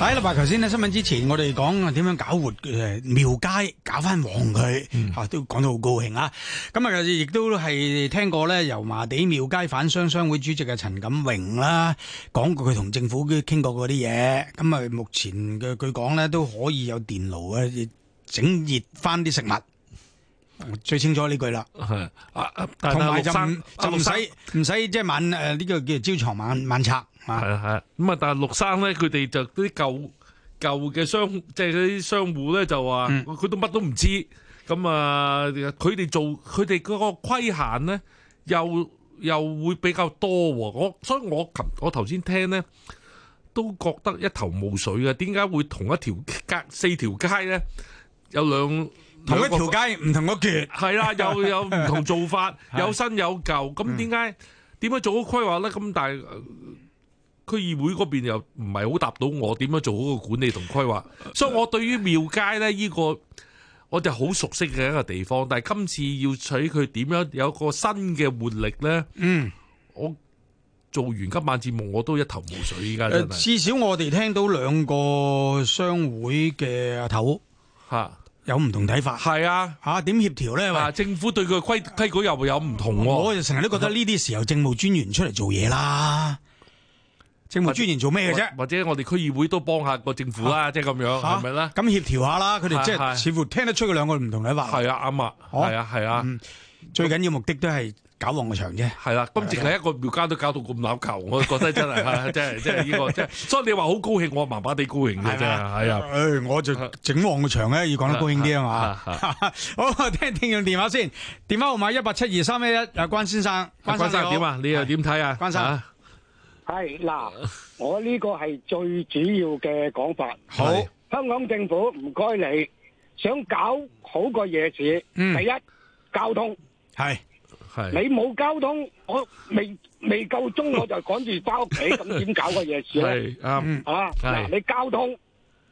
係啦，頭先咧新聞之前，我哋講點樣搞活誒廟街，搞翻旺佢吓，都講到好高興啊！咁啊，亦都係聽過咧，油麻地廟街販商商會主席嘅陳錦榮啦，講過佢同政府嘅傾過嗰啲嘢。咁啊，目前嘅佢講咧都可以有電爐啊，整熱翻啲食物。最清楚呢句啦，係啊，同埋就就唔使唔使即係晚誒呢個叫朝藏晚晚拆。係啊係啊，咁、就是嗯、啊，但係陸生咧，佢哋就啲舊舊嘅商，即係嗰啲商戶咧，就話佢都乜都唔知，咁啊，佢哋做佢哋嗰個規限咧，又又會比較多、哦。我所以我琴我頭先聽咧，都覺得一頭霧水啊。點解會同一條街四條街咧有兩同一條街唔同嘅，段，係啦，有有唔同做法， 有新有舊，咁點解點解做好規劃咧？咁但係。區議會嗰邊又唔係好答到我點樣做好個管理同規劃，所以我對於廟街咧呢個我哋好熟悉嘅一個地方，但係今次要取佢點樣有一個新嘅活力咧，嗯，我做完今晚節目我都一頭霧水依家、嗯、真的至少我哋聽到兩個商會嘅阿頭吓有唔同睇法，係啊吓點協調咧？係、啊啊啊、政府對佢規規矩又有唔同，我就成日都覺得呢啲時候政務專員出嚟做嘢啦。政府專員做咩嘅啫？或者我哋區議會都幫下個政府啦，即係咁樣，係咪咧？咁協調下啦，佢哋即係似乎聽得出佢兩個唔同嘅話。係啊，啱啊，係啊，係啊。最緊要目的都係搞旺個場啫。係啦，咁淨係一個廟街都搞到咁扭球，我覺得真係，係真係，真係呢個即係。所以你話好高興，我麻麻地高興嘅啫。係啊，誒,我就整旺個場咧，要講得高興啲啊嘛。好，聽聽用電話先，電話號碼一八七二三一一，阿關先生，關生點啊？你又點睇啊？關生。係嗱，我呢個係最主要嘅講法。好，香港政府唔該你，想搞好個夜市，第一交通係係，你冇交通，我未未夠鐘，我就趕住翻屋企，咁點搞個夜市咧？係啱啊！嗱，你交通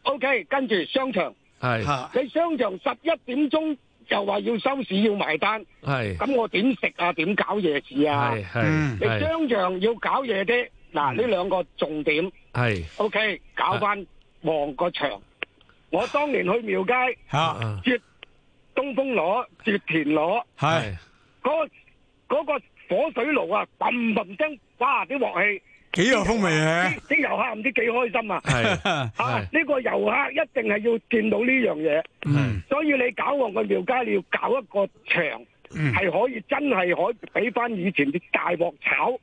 OK，跟住商場係，你商場十一點鐘又話要收市要埋單，係咁我點食啊？點搞夜市啊？係係，你商場要搞夜啲。嗱，呢兩個重點係，OK，搞翻旺個場。我當年去廟街，接東風螺、接田螺，係嗰嗰個火水爐啊，嘭嘭聲，哇，啲鑊氣，幾有風味啊！啲遊客唔知幾開心啊！係啊，呢個遊客一定係要見到呢樣嘢，嗯，所以你搞旺個廟街，你要搞一個場，係可以真係可以俾翻以前啲大鑊炒。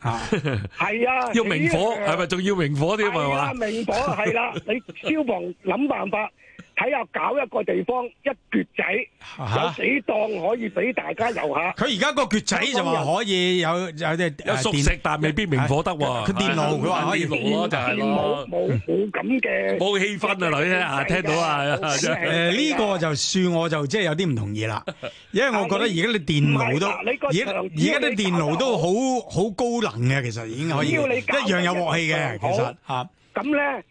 係啊，要明火係咪？仲要明火添係嘛？明火係啦，你消防諗辦法。睇下搞一個地方一撅仔有幾檔可以俾大家遊下。佢而家個撅仔就話可以有有啲有熟食，但未必明火得喎。佢電爐佢話可以明火就係咯，冇冇咁嘅冇氣氛啊！嗱，呢下聽到啊誒呢個就算我就即係有啲唔同意啦，因為我覺得而家啲電爐都而而家啲電爐都好好高能嘅，其實已經可以一樣有鑊氣嘅，其實嚇。咁咧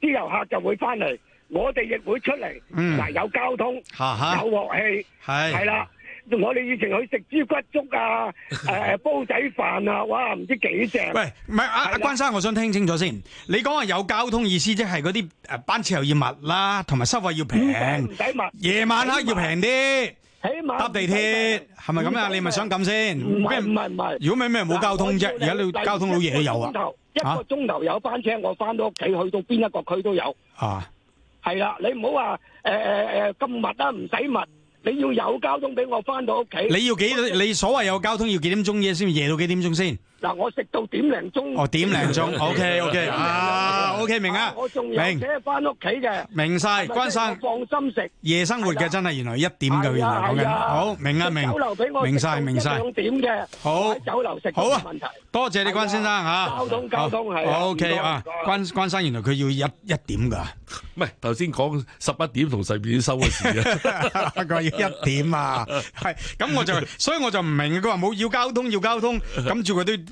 啲遊客就會翻嚟。我哋亦會出嚟，嗱有交通，有鑊氣，係啦。我哋以前去食豬骨粥啊，誒煲仔飯啊，哇唔知幾正。喂，唔係阿阿關生，我想聽清楚先。你講話有交通意思，即係嗰啲誒班次又要密啦，同埋收費要平。唔使密，夜晚黑要平啲。起碼搭地鐵係咪咁啊？你咪想咁先？唔係唔係，如果咩咩冇交通啫？而家你交通好嘢都有啊，一個鐘頭有班車，我翻到屋企去到邊一個區都有啊。係啦，你唔好話誒誒誒咁密啦，唔使密，你要有交通畀我返到屋企。你要幾？就你所謂有交通要幾點鐘夜先？夜到幾點鐘先？嗱，我食到點零鐘。哦，點零鐘，OK，OK，啊，OK，明啊，明。我仲要翻屋企嘅。明曬，關生。放心食。夜生活嘅真係原來一點就要走嘅。好，明啊，明。酒樓俾我明曬，明曬。一點嘅。好。酒樓食。好啊。問題。多謝你關先生嚇。交通，交通係。OK 啊，關關生，原來佢要一一點㗎。唔係頭先講十一點同十二點收嘅事啊。佢要一點啊。係。咁我就，所以我就唔明，佢話冇要交通，要交通，咁住佢都。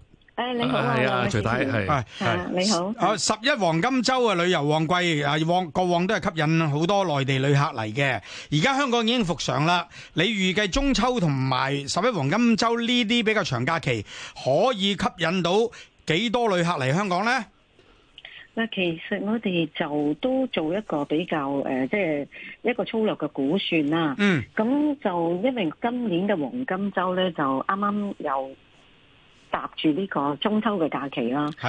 誒，你好啊，徐太係係，你好。哦，十一黃金周啊，旅遊旺季啊，往過往都係吸引好多內地旅客嚟嘅。而家香港已經復常啦。你預計中秋同埋十一黃金周呢啲比較長假期，可以吸引到幾多旅客嚟香港咧？嗱，其實我哋就都做一個比較誒，即係一個粗略嘅估算啦。嗯。咁就因為今年嘅黃金周咧，就啱啱又。搭住呢個中秋嘅假期啦，咁、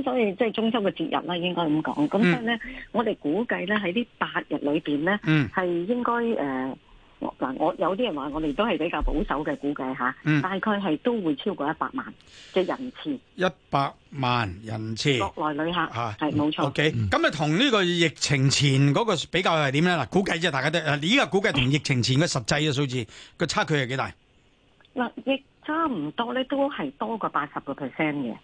啊、所以即係中秋嘅節日啦，應該咁講。咁、嗯、所以咧、嗯呃，我哋估計咧喺呢八日裏邊咧，係應該誒嗱，我有啲人話我哋都係比較保守嘅估計嚇，嗯、大概係都會超過一百萬嘅、即係、人次，一百萬人次，國內旅客嚇，係冇錯。O K，咁啊同呢個疫情前嗰個比較係點咧？嗱，估計啫，大家都啊，呢個估計同疫情前嘅實際嘅數字個差距係幾大？嗱。差唔多咧，都係多過八十個 percent 嘅。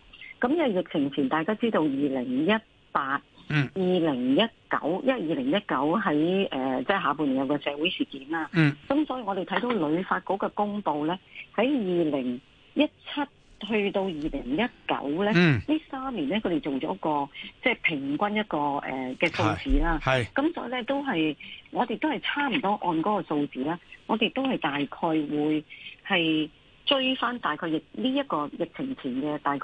咁因為疫情前，大家知道二零一八、二零一九，因為二零一九喺誒，即、就、係、是、下半年有個社會事件啊。咁、嗯、所以我哋睇到旅發局嘅公佈咧，喺二零一七去到二零一九咧，呢三年咧，佢哋做咗個即係平均一個誒嘅數字啦。係咁所以咧，都係我哋都係差唔多按嗰個數字啦。我哋都係大概會係。追翻大概疫呢一、這個疫情前嘅大概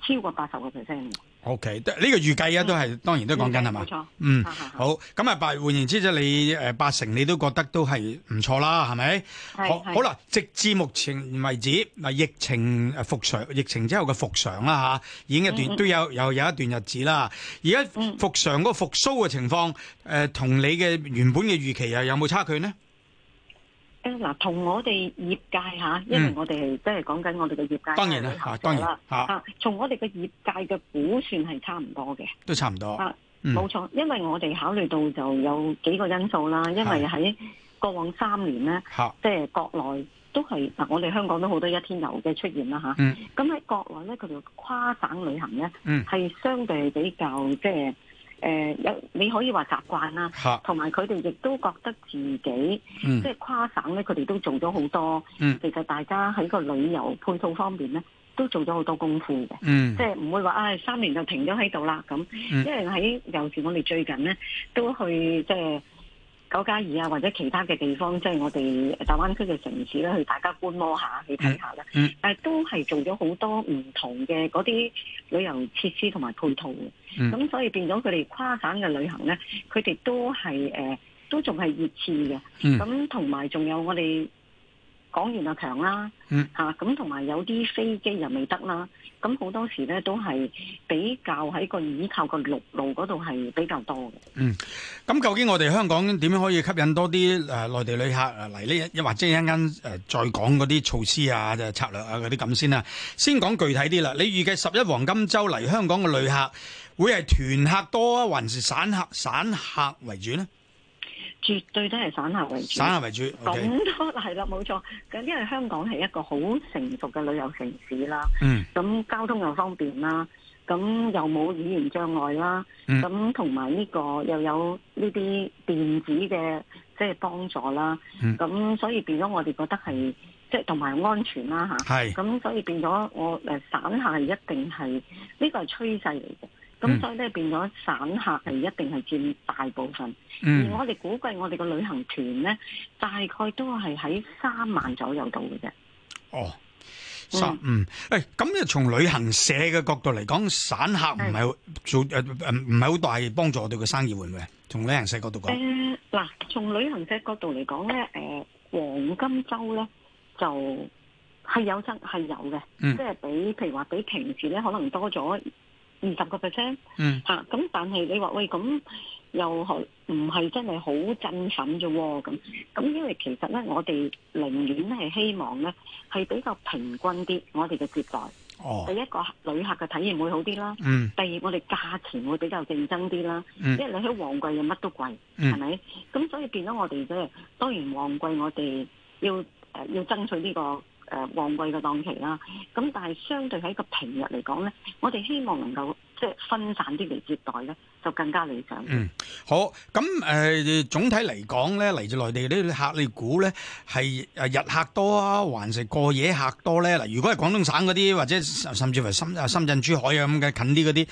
超過八十、okay, 個 percent。O K，呢個預計啊，都係、嗯、當然都講緊係嘛？冇錯，嗯，是是是好。咁啊，八換言之，即你誒、呃、八成，你都覺得都係唔錯啦，係咪？係是是 好啦，直至目前為止，嗱疫情誒、呃、復常，疫情之後嘅復常啦、啊、嚇，已經一段嗯嗯都有又有，有一段日子啦。而家復常嗰個復甦嘅情況，誒同、嗯嗯呃、你嘅原本嘅預期又有冇差距呢？誒，嗱，同我哋業界、嗯、因為我哋即係講緊我哋嘅業界，啊，當然啦，嚇當然啦，嚇，從我哋嘅業界嘅估算係差唔多嘅，都差唔多。啊，冇錯，因為我哋考慮到就有幾個因素啦，因為喺過往三年咧，即係、啊啊、國內都係，嗱、啊，我哋香港都好多一天遊嘅出現啦，咁、啊、喺、嗯、國內咧，佢哋跨省旅行咧，嗯，係相對比，比較即係。就是誒有、呃、你可以話習慣啦，同埋佢哋亦都覺得自己，嗯、即係跨省咧，佢哋都做咗好多。嗯、其實大家喺個旅遊配套方面咧，都做咗好多功夫嘅，嗯、即係唔會話啊、哎、三年就停咗喺度啦咁。嗯、因為喺尤其我哋最近咧，都去即係。九加二啊，2，或者其他嘅地方，即係我哋大灣區嘅城市咧，去大家去觀摩下，去睇下啦。嗯，但係都係做咗好多唔同嘅嗰啲旅遊設施同埋配套嘅。咁、嗯、所以變咗佢哋跨省嘅旅行咧，佢哋都係誒、呃、都仲係熱切嘅。咁同埋仲有我哋。港元就強啦，吓，咁同埋有啲飛機又未得啦，咁好多時咧都係比較喺個依靠個陸路嗰度係比較多嘅。嗯，咁究竟我哋香港點樣可以吸引多啲誒內地旅客嚟呢？亦或者一陣間誒再講嗰啲措施啊、策略啊嗰啲咁先啦。先講具體啲啦，你預計十一黃金週嚟香港嘅旅客會係團客多啊，還是散客，散客為主呢？絕對都係散客為主，散客為主，咁都係啦，冇錯 OK。咁因為香港係一個好成熟嘅旅遊城市啦，咁、嗯、交通又方便啦，咁又冇語言障礙啦，咁同埋呢個又有呢啲電子嘅即係幫助啦，咁、嗯、所以變咗我哋覺得係即係同埋安全啦吓，咁是所以變咗我誒散客係一定係呢、這個係趨勢嚟嘅。咁所以咧，變咗散客係一定係佔大部分，嗯、而我哋估計我哋個旅行團咧，大概都係喺三萬左右度嘅啫。哦，三嗯，誒、嗯，咁又從旅行社嘅角度嚟講，散客唔係的做誒唔係好大幫助我哋個生意會嘅，從旅行社角度講。誒、呃，嗱，從旅行社角度嚟講咧，誒、呃，黃金周咧，就係有真係有嘅，嗯、即係比譬如話比平時咧可能多咗。二十個 percent，咁，但係你話喂咁又唔係真係好振奮啫？咁咁因為其實咧，我哋寧願係希望咧係比較平均啲，我哋嘅接待，哦、第一個旅客嘅體驗會好啲啦，嗯、第二我哋價錢會比較競爭啲啦，嗯、因為你喺旺季嘅乜都貴，係咪、嗯？咁所以變咗我哋即係當然旺季我，我哋要要爭取呢、呢個。誒旺季嘅檔期啦、啊，咁但係相對喺一個平日嚟講咧，我哋希望能夠即係分散啲嚟接待咧，就更加理想。嗯，好，咁誒、呃、總體嚟講咧，嚟自內地啲客，你估咧係誒日客多啊，還是過夜客多咧？嗱，如果係廣東省嗰啲或者甚至係深深圳、珠海啊咁嘅近啲嗰啲，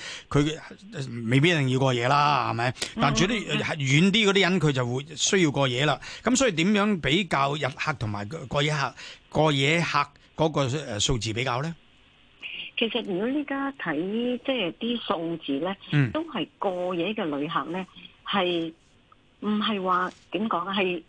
佢未必一定要過夜啦，係咪、嗯？吧但住主要遠啲嗰啲人，佢就會需要過夜啦。咁所以點樣比較日客同埋過夜客？過夜客嗰個數字比較呢？其實如果依家睇即係啲數字呢，嗯、都係過夜嘅旅客呢，係唔係話點講呢？係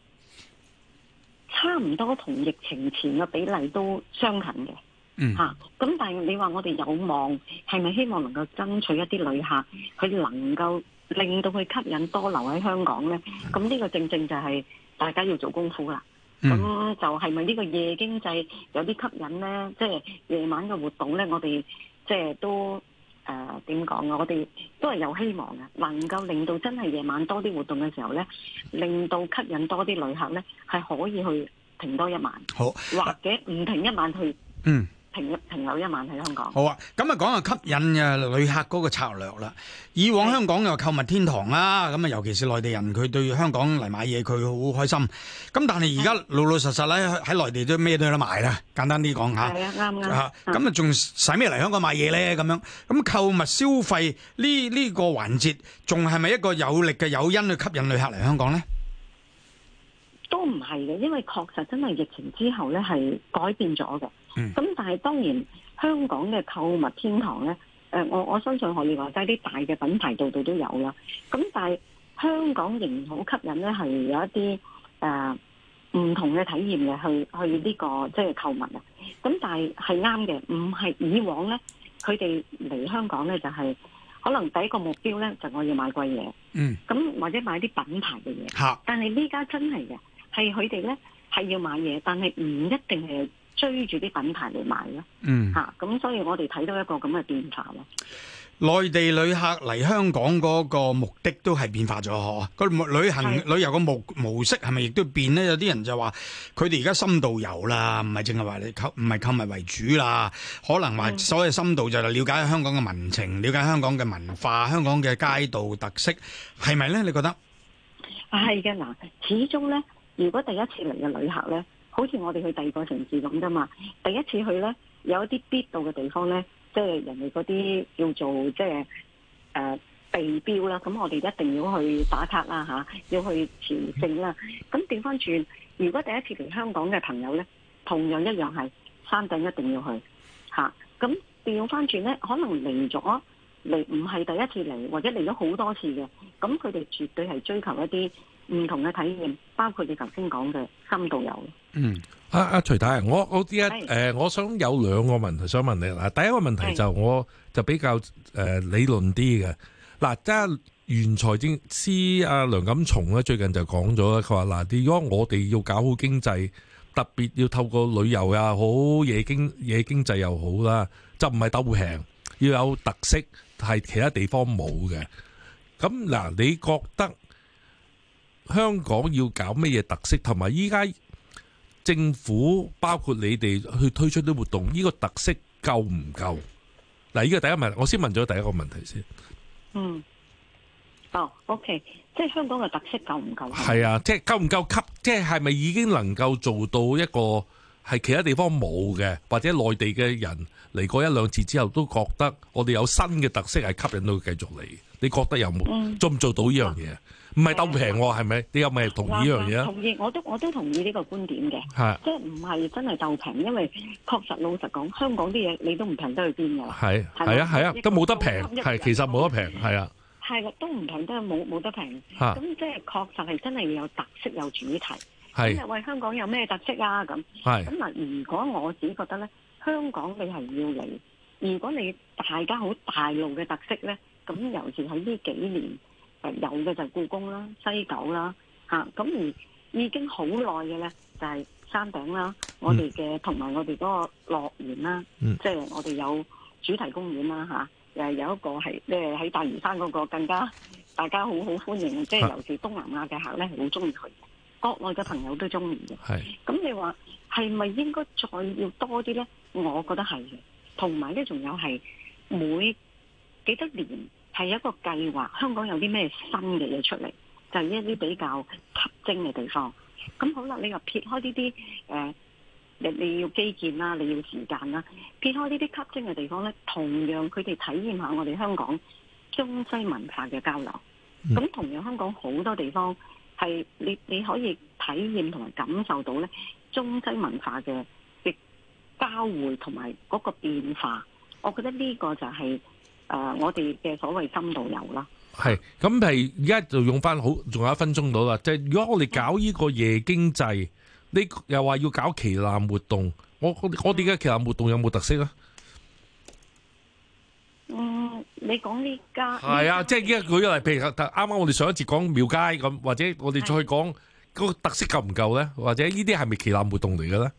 差唔多同疫情前嘅比例都相近嘅，吓咁、嗯啊。但係你話我哋有望係咪希望能夠爭取一啲旅客，佢能夠令到佢吸引多留喺香港呢？咁呢、嗯、個正正就係、是、大家要做功夫啦。咁、嗯、就係咪呢個夜經濟有啲吸引呢？即係夜晚嘅活動呢，我哋即係都誒點講啊？我哋都係有希望嘅，能夠令到真係夜晚多啲活動嘅時候呢，令到吸引多啲旅客呢，係可以去停多一晚，好或者唔停一晚去嗯。平停留一晚喺香港。好啊，咁啊講下吸引啊旅客嗰個策略啦。以往香港又購物天堂啦，咁啊的尤其是內地人佢對香港嚟買嘢佢好開心。咁但係而家老老實實咧喺內地都咩都有得賣啦。簡單啲講吓，係啊啱啱吓，咁啊仲使咩嚟香港買嘢咧？咁的樣咁購物消費呢呢個環節仲係咪一個有力嘅誘因去吸引旅客嚟香港咧？都唔係嘅，因為確實真係疫情之後咧係改變咗嘅。咁、嗯、但係當然香港嘅購物天堂咧，誒、呃、我我相信可以話齋啲大嘅品牌度度都有啦。咁但係香港仍然好吸引咧，係有一啲誒唔同嘅體驗嘅去去呢、呢個即係購物啊。咁但係係啱嘅，唔係以往咧，佢哋嚟香港咧就係、係、可能第一個目標咧就我要買貴嘢，嗯，咁或者買啲品牌嘅嘢，嚇哈。但係呢家真係嘅係佢哋咧係要買嘢，但係唔一定係。追住啲品牌嚟買咯，吓咁，所以我哋睇到一個咁嘅變化咯。內地旅客嚟香港嗰個目的都係變化咗嗬，個旅行旅遊個模模式係咪亦都變咧？有啲人就話佢哋而家深度遊啦，唔係淨係話你購，唔係購物為主啦，可能話所謂深度就係了解香港嘅民情，了解香港嘅文化，香港嘅街道特色係咪咧？你覺得？係嘅，嗱，始終咧，如果第一次嚟嘅旅客咧。好似我哋去第二個城市咁啫嘛，第一次去呢，有一啲必到嘅地方呢，即係人哋嗰啲叫做即係誒、呃、地標啦。咁我哋一定要去打卡啦嚇、啊，要去朝聖啦。咁調翻轉，如果第一次嚟香港嘅朋友呢，同樣一樣係山頂一定要去嚇。咁調翻轉呢，可能嚟咗，嚟，唔係第一次嚟，或者嚟咗好多次嘅，咁佢哋絕對係追求一啲。唔同嘅體驗，包括你頭先講嘅深度遊。嗯，阿阿徐太，我我依家誒，我想有兩個問題想問你啦。第一個問題就我就比較誒理論啲嘅。嗱，即係原財政司阿梁錦松咧，最近就講咗，佢話嗱，如果我哋要搞好經濟，特別要透過旅遊啊，好野經野經濟又好啦，就唔係鬥平，要有特色，係其他地方冇嘅。咁嗱，你覺得？香港要搞乜嘢特色，同埋依家政府包括你哋去推出啲活動，呢個特色夠唔夠？嗱，呢個第一問，我先問咗第一個問題先問問題。嗯。哦，OK，即係香港嘅特色夠唔夠？係啊，即係夠唔夠吸？即係係咪已經能夠做到一個係其他地方冇嘅，或者內地嘅人嚟過一兩次之後都覺得我哋有新嘅特色係吸引到佢繼續嚟？你覺得有冇做唔做到呢樣嘢？唔係鬥平喎，係咪？你有咪同意呢樣嘢啊？同意，我都我都同意呢個觀點嘅。係，即係唔係真係鬥平，因為確實老實講，香港啲嘢你都唔平得去邊噶。係，係啊，係啊，都冇得平。係，其實冇得平。係啊。係啊，都唔平得，冇冇得平。吓，咁即係確實係真係有特色有主題。係。咁啊喂，香港有咩特色啊？咁。係。咁啊，如果我自己覺得咧，香港你係要嚟，如果你大家好大路嘅特色咧，咁尤其是喺呢幾年。有嘅就係故宮啦、西九啦，吓、啊、咁而已經好耐嘅咧，就係、是、山頂啦，我哋嘅同埋我哋嗰個樂園啦，即係、嗯、我哋有主題公園啦、啊，吓、啊、誒有一個係即係喺大嶼山嗰、那個更加大家好好歡迎，即、就、係、是、尤其東南亞嘅客咧，好中意去，國內嘅朋友都中意嘅。係咁是你話係咪應該再要多啲咧？我覺得係嘅，同埋咧仲有係每幾多年。係一個計劃，香港有啲咩新嘅嘢出嚟，就係一啲比較吸睛嘅地方。咁好啦，你又撇開呢啲誒，你、呃、你要基建啦，你要時間啦，撇開呢啲吸睛嘅地方咧，同樣佢哋體驗下我哋香港中西文化嘅交流。咁同樣香港好多地方係你你可以體驗同埋感受到咧中西文化嘅嘅交匯同埋嗰個變化。我覺得呢個就係。誒、呃，我哋嘅所謂深度遊啦，係咁係而家就用翻好，仲有一分鐘到啦。即係如果我哋搞呢個夜經濟，你又話要搞旗艦活動，我我我哋嘅旗艦活動有冇特色咧？嗯，你講呢家係啊，家即係依一個舉例，譬如啱啱我哋上一次講廟街咁，或者我哋再講個特色夠唔夠咧？或者呢啲係咪旗艦活動嚟嘅咧？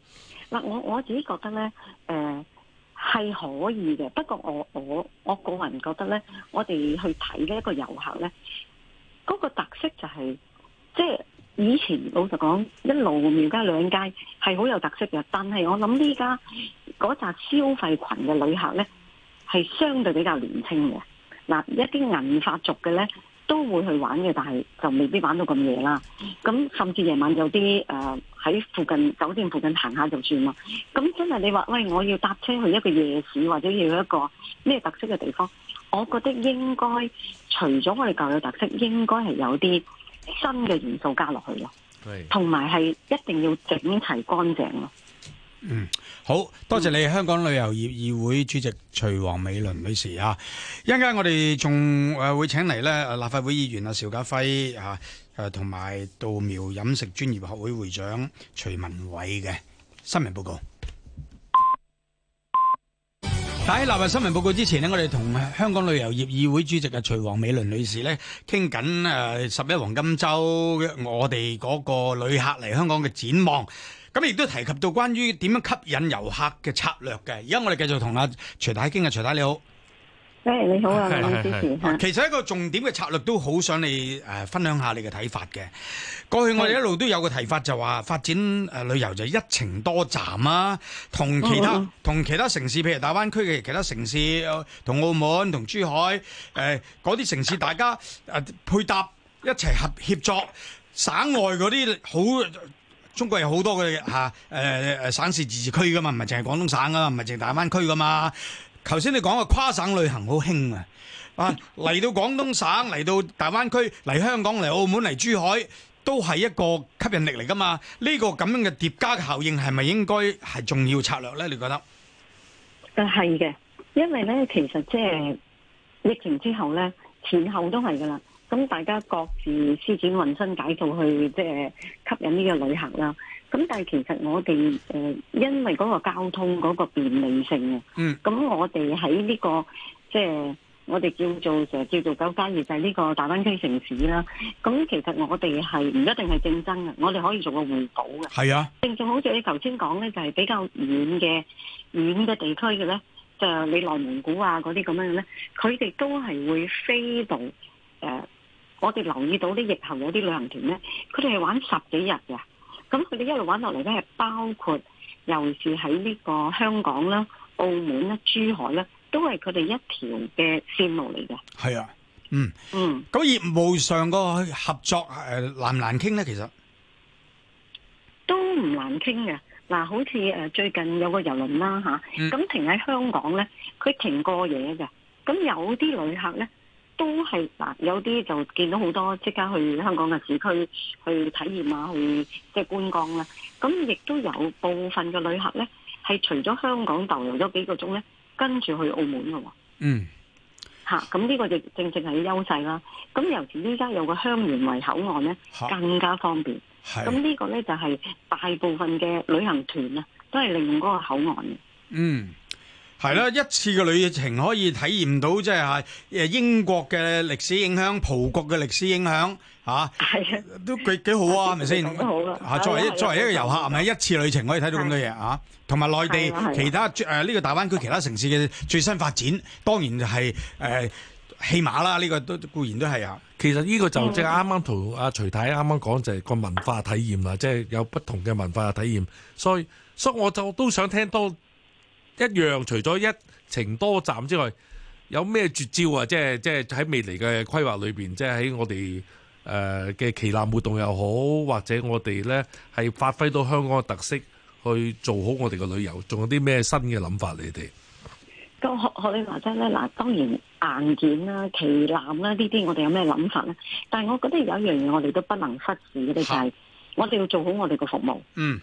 嗱、呃，我我自己覺得咧，誒、呃。係可以嘅，不過我我我個人覺得呢，我哋去睇呢一個遊客呢，嗰個特色就係，即係以前老實講，一路廟街兩街係好有特色嘅，但係我諗呢家嗰扎消費群嘅旅客呢，係相對比較年輕嘅，嗱一啲銀髮族嘅呢。都會去玩嘅，但係就未必玩到咁夜啦。咁甚至夜晚有啲誒喺附近酒店附近行下就算啦。咁真係你話喂，我要搭車去一個夜市，或者要一個咩特色嘅地方？我覺得應該除咗我哋舊有特色，應該係有啲新嘅元素加落去咯，同埋係一定要整齊乾淨咯。對嗯。.好，多謝你。嗯、香港旅遊業議會主席徐王美倫女士啊。一陣間我哋仲誒會請嚟咧，立法會議員阿邵家輝啊，誒同埋稻苗飲食專業學會會長徐汶緯嘅新聞報告。喺立日新聞報告之前咧，我哋同香港旅遊業議會主席啊徐王美倫女士咧傾緊誒十一黃金周我哋嗰個旅客嚟香港嘅展望。咁亦都提及到關於點樣吸引遊客嘅策略嘅。而家我哋繼續同阿徐太傾啊，徐太你好。誒你好啊，林女的其實一個重點嘅策略都好想你、呃、分享下你嘅睇法嘅。過去我哋一路都有個提法就話發展、呃、旅遊就一程多站啊，同其他同的其他城市，譬如大灣區嘅其他城市，同澳門、同珠海嗰啲、呃、城市，大家、呃、配搭一齊合協作，省外嗰啲好。呃中國有好多嘅吓，誒、啊、誒、呃，省市自治區噶嘛，唔係淨係廣東省啊，不是嘛，唔係淨係大灣區噶嘛。頭先你講嘅跨省旅行好興啊，啊，嚟到廣東省，嚟到大灣區，嚟香港，嚟澳門，嚟珠海，都係一個吸引力嚟噶嘛。呢、這個咁樣嘅疊加嘅效應係咪應該係重要策略咧？你覺得？誒係嘅，因為咧，其實即係疫情之後咧，前後都係噶啦。咁大家各自施展渾身解數去即係吸引呢個旅客啦。咁但係其實我哋、呃、因為嗰個交通嗰個便利性啊，嗯，咁我哋喺呢個即係我哋叫做成日叫做九加二就係、是、呢個大灣區城市啦。咁其實我哋係唔一定係競爭嘅，我哋可以做個互補嘅。係啊，正仲好似你頭先講咧，就係、是、比較遠嘅遠嘅地區嘅咧，就係、你內蒙古啊嗰啲咁樣嘅咧，佢哋都係會飛到誒。呃我哋留意到啲疫後有啲旅行團咧，佢哋係玩十幾日嘅，咁佢哋一路玩落嚟咧，係包括尤其是喺呢個香港啦、澳門啦、珠海啦，都係佢哋一條嘅線路嚟嘅。係啊，嗯嗯，咁業務上個合作誒難唔難傾咧？其實都唔難傾嘅。嗱，好似誒最近有個遊輪啦吓，咁、嗯、停喺香港咧，佢停過夜嘅，咁有啲旅客咧。都係嗱，有啲就見到好多即刻去香港嘅市區去體驗下，去即係觀光啦。咁亦都有部分嘅旅客呢，係除咗香港逗留咗幾個鐘呢，跟住去澳門嘅喎。嗯。嚇、啊！咁呢個就正正係優勢啦。咁尤其依家有個香園圍口岸呢，更加方便。咁呢個呢，就係、係、大部分嘅旅行團咧，都係利用嗰個口岸嘅。嗯。係啦、啊，一次嘅旅程可以體驗到即係，誒、就是、英國嘅歷史影響、葡國嘅歷史影響，啊，的都幾幾好啊，係咪先？好啊，作為一作為一個遊客，咪的一次旅程可以睇到咁多嘢的啊，同埋內地其他誒呢、呃這個大灣區其他城市嘅最新發展，當然就係、是、誒、呃、戲碼啦。呢、這個都固然都係啊。其實呢個就即係啱啱同阿徐太啱啱講，就係個文化體驗啊，即、就、係、是、有不同嘅文化嘅體驗。所以所以我就都想聽多。一樣，除咗一程多站之外，有咩絕招啊？即係即係喺未來嘅規劃裏邊，即係喺我哋誒嘅旗艦活動又好，或者我哋咧係發揮到香港嘅特色去做好我哋嘅旅遊，仲有啲咩新嘅諗法啊？你哋咁學學你話齋咧嗱，當然硬件啦、旗艦啦呢啲，我哋有咩諗法咧？但係我覺得有一樣嘢，我哋都不能忽視嘅就係我哋要做好我哋嘅服務，嗯，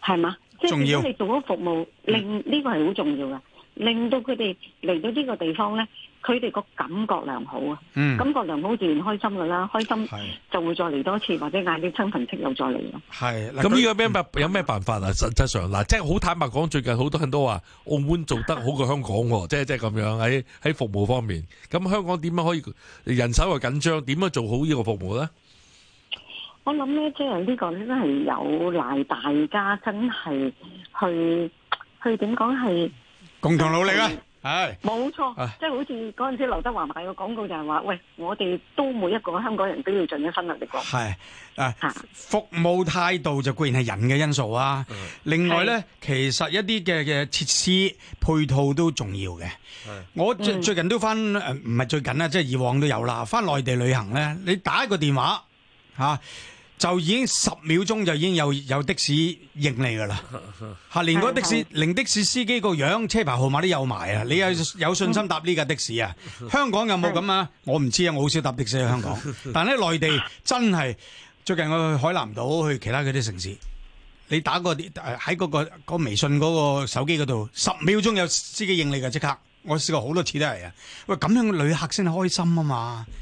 係嘛？即係如果你做咗服務，令呢個係好重要㗎。令到佢哋嚟到呢個地方咧，佢哋個感覺良好啊，嗯，感覺良好自然開心㗎啦，開心就會再嚟多次，是或者嗌啲親朋戚友再嚟咯。係，咁呢個咩有咩、嗯、辦法啊？實際上，嗱，即係好坦白講，最近好多人都話澳門做得好過香港，即係即係咁樣喺喺服務方面。咁香港點樣可以人手又緊張，點樣做好呢個服務咧？我諗咧，即係呢個咧都係有賴大家，真係去去點講係共同努力啦，係，冇錯，即係好似嗰陣時劉德華賣嘅廣告就係話，喂，我哋都每一個香港人都要盡一分力力講，係啊，服務態度就固然係人嘅因素啊，另外咧，其實一啲嘅嘅設施配套都重要嘅，我最最近都翻誒，唔係最近啦，即係以往都有啦，翻內地旅行咧，你打一個電話吓。就已經十秒鐘就已經有有的士應你噶啦，吓連嗰的士，連的士司機個樣、車牌號碼都有埋啊！你有有信心搭呢架的士啊？香港有冇咁啊？我唔知啊，我好少搭的士去香港。但係咧內地真係最近我去海南島，去其他嗰啲城市，你打過喺、嗰個、嗰個嗰個微信嗰個手機嗰度，十秒鐘有司機應你㗎。即刻。我試過好多次都係啊！喂，咁樣嘅旅客先開心啊嘛～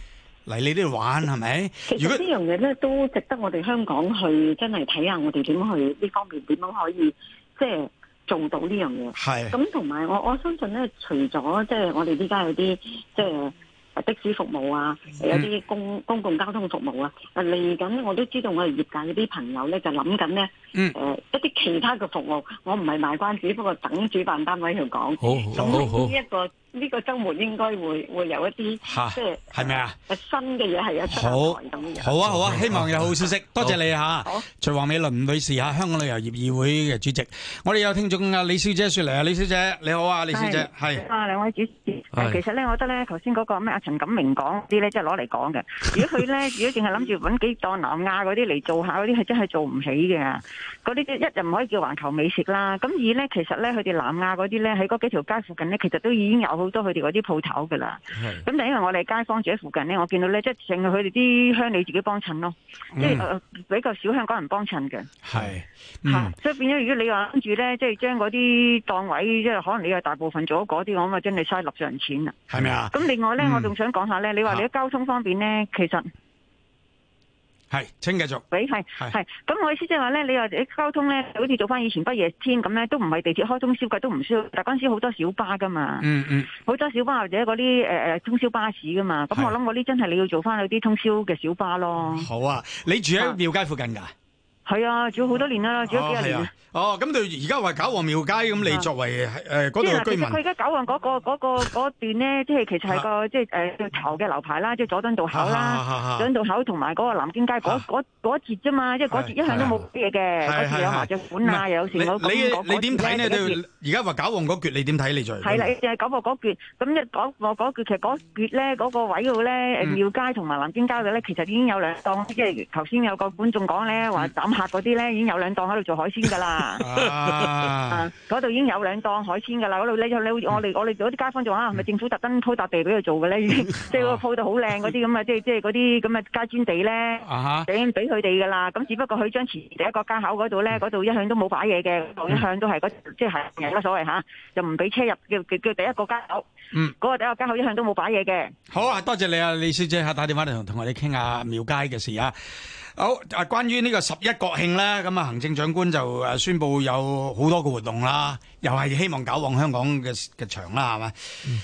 嚟你呢度玩係咪？其實呢樣嘢咧都值得我哋香港去真係睇下，我哋點樣去呢方面點樣可以即係做到呢樣嘢，係咁。同埋，我我相信咧，除咗即係我哋依家有啲即係的士服務啊，嗯、有啲公公共交通服務啊，嚟緊咧我都知道我哋業界嗰啲朋友咧就諗緊咧。嗯，誒一啲其他嘅服務，我唔係賣關子，不過等主辦單位喺度講。好，咁呢一個呢個週末應該會會有一啲嚇，即係係咪啊？誒新嘅嘢係一出好，好啊好啊！希望有好消息，多謝你嚇。徐王美倫女士嚇，香港旅遊業議會嘅主席。我哋有聽眾阿李小姐說嚟啊，李小姐你好啊，李小姐係啊，兩位主持。係，其實咧，我覺得咧，頭先嗰個咩啊陳錦明講啲咧，即係攞嚟講嘅。如果佢咧，如果淨係諗住揾幾檔南亞嗰啲嚟做下嗰啲，係真係做唔起嘅。嗰啲啲一就唔可以叫環球美食啦，咁二咧，其實咧佢哋南亞嗰啲咧喺嗰幾條街附近咧，其實都已經有好多佢哋嗰啲鋪頭噶啦。咁的，但係因為我哋街坊住喺附近咧，我見到咧即係淨係佢哋啲鄉里自己幫襯咯，嗯、即係、呃、比較少香港人幫襯嘅。係吓、嗯啊，所以變咗如果你話跟住咧，即係將嗰啲檔位，即係可能你有大部分做嗰啲，我咪真係嘥納稅人錢啦。係咪啊？咁另外咧，嗯、我仲想講下咧，你話你喺交通方面咧，啊、其實。係，請繼續。誒，係係，咁我意思即係話咧，你又喺交通咧，好似做翻以前不夜天咁咧，都唔係地鐵開通宵，㗎，都唔需要。但嗰陣時好多小巴噶嘛，嗯嗯，好多小巴或者嗰啲誒誒通宵巴士噶嘛。咁我諗嗰啲真係你要做翻有啲通宵嘅小巴咯。好啊，你住喺廟街附近噶？啊係啊，住咗好多年啦，住咗幾年。哦，咁對而家話搞旺廟街咁，你作為誒嗰度居民，佢而家搞旺嗰個嗰嗰段咧，即係其實係個即係誒頭嘅樓牌啦，即係佐敦道口啦，佐敦道口同埋嗰個南京街嗰嗰嗰一截啫嘛，即係嗰截一向都冇嘢嘅，或者有麻雀館啊，有時我你你點睇呢？對，而家話搞旺嗰橛，你點睇？你就係係啦，搞旺嗰橛，咁一講我嗰橛，其實嗰橛咧嗰個位度咧，廟街同埋南京街度咧，其實已經有兩檔，即係頭先有個觀眾講咧話拍嗰啲咧已經有兩檔喺度做海鮮噶啦，嗰度已經有兩檔海鮮噶啦，度咧咧，我哋我哋嗰啲街坊仲話，係咪政府特登鋪笪地俾佢做嘅咧？即係個鋪到好靚嗰啲咁啊，即係即係嗰啲咁啊街磚地咧，俾俾佢哋噶啦。咁只不過佢將前第一個街口嗰度咧，嗰度一向都冇擺嘢嘅，嗰度一向都係即係冇乜所謂嚇，就唔俾車入叫叫第一個街口。嗯，嗰個第一間我一向都冇擺嘢嘅。好啊，多謝你啊，李小姐嚇，打電話嚟同同我哋傾下廟街嘅事啊。好啊，關於呢個十一國慶啦，咁啊行政長官就誒宣布有好多個活動啦，又係希望搞旺香港嘅嘅場啦，係嘛？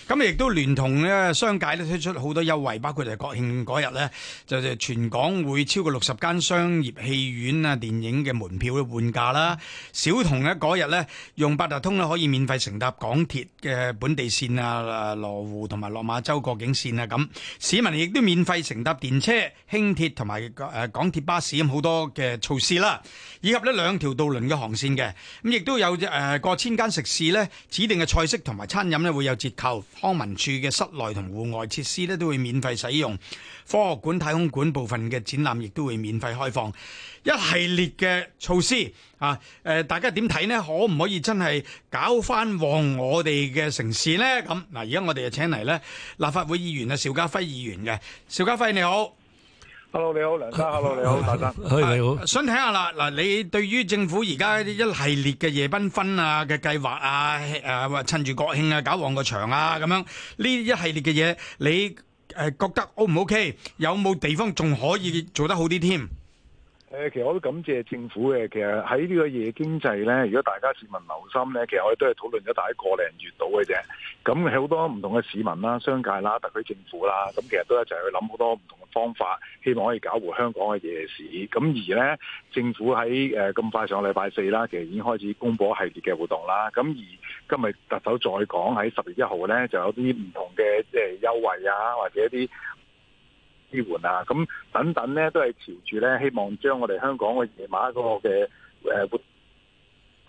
咁、嗯、亦都聯同呢商界都推出好多優惠，包括就係國慶嗰日呢，就就是、全港會超過六十間商業戲院啊電影嘅門票嘅半價啦。小童呢，嗰日呢，用八達通呢可以免費乘搭港鐵嘅本地線啊。啊，羅湖同埋落馬洲過境線啊，咁市民亦都免費乘搭電車、輕鐵同埋誒港鐵巴士。咁好多嘅措施啦，以及呢兩條渡輪嘅航線嘅，咁亦都有誒過千間食肆呢指定嘅菜式同埋餐飲呢會有折扣，康文署嘅室內同戶外設施呢都會免費使用，科學館、太空館部分嘅展覽亦都會免費開放，一系列嘅措施。啊！誒，大家點睇咧？可唔可以真係搞翻旺我哋嘅城市咧？咁嗱，而家我哋就請嚟咧立法會議員啊，邵家輝議員嘅。邵家輝你好，Hello 你好，梁生，Hello 你好，大生，嗨你好，想睇下啦嗱，你對於政府而家一系列嘅夜繽紛啊嘅計劃啊，誒趁住國慶啊搞旺個場啊咁樣呢一系列嘅嘢，你誒覺得 O 唔 OK？有冇地方仲可以做得好啲添？誒，其實我都感謝政府嘅。其實喺呢個夜經濟咧，如果大家市民留心咧，其實我哋都係討論咗大概個零月到嘅啫。咁好多唔同嘅市民啦、商界啦、特區政府啦，咁其實都一齊去諗好多唔同嘅方法，希望可以搞活香港嘅夜市。咁而咧，政府喺誒咁快上個禮拜四啦，其實已經開始公布一系列嘅活動啦。咁而今日特首再講喺十月一號咧，就有啲唔同嘅即係優惠啊，或者一啲。支援啊，咁等等咧都係朝住咧希望將我哋香港嘅夜晚嗰個嘅誒活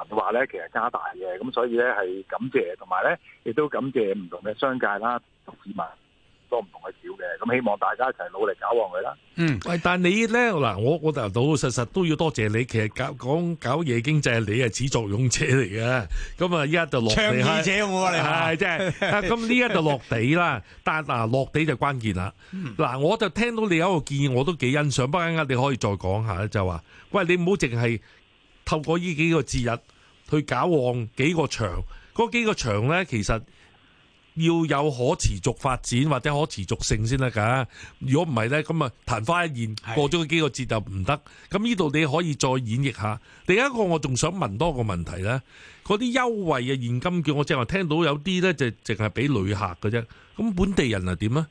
文化咧，其實加大嘅，咁所以咧係感謝，同埋咧亦都感謝唔同嘅商界啦，同市民。多唔同嘅少嘅，咁希望大家一齊努力搞旺佢啦。嗯，喂，但係你咧嗱，我我老老實實都要多謝你。其實搞講搞嘢經濟，你係始作俑者嚟嘅。咁啊，依家就落嚟，倡議者冇啊係即係，咁呢？一就落地啦， 但係啊，落地就關鍵啦。嗱、嗯，我就聽到你有一個建議，我都幾欣賞。不過陣間你可以再講下咧，就話喂，你唔好淨係透過呢幾個節日去搞旺幾個場，嗰幾個場咧，其實。要有可持續發展或者可持續性先得㗎，如果唔係咧，咁啊曇花一現是過咗幾個節就唔得。咁呢度你可以再演繹下。另一個我仲想問多個問題咧，嗰啲優惠嘅現金券，我正話聽到有啲咧就淨係俾旅客嘅啫，咁本地人係點呢？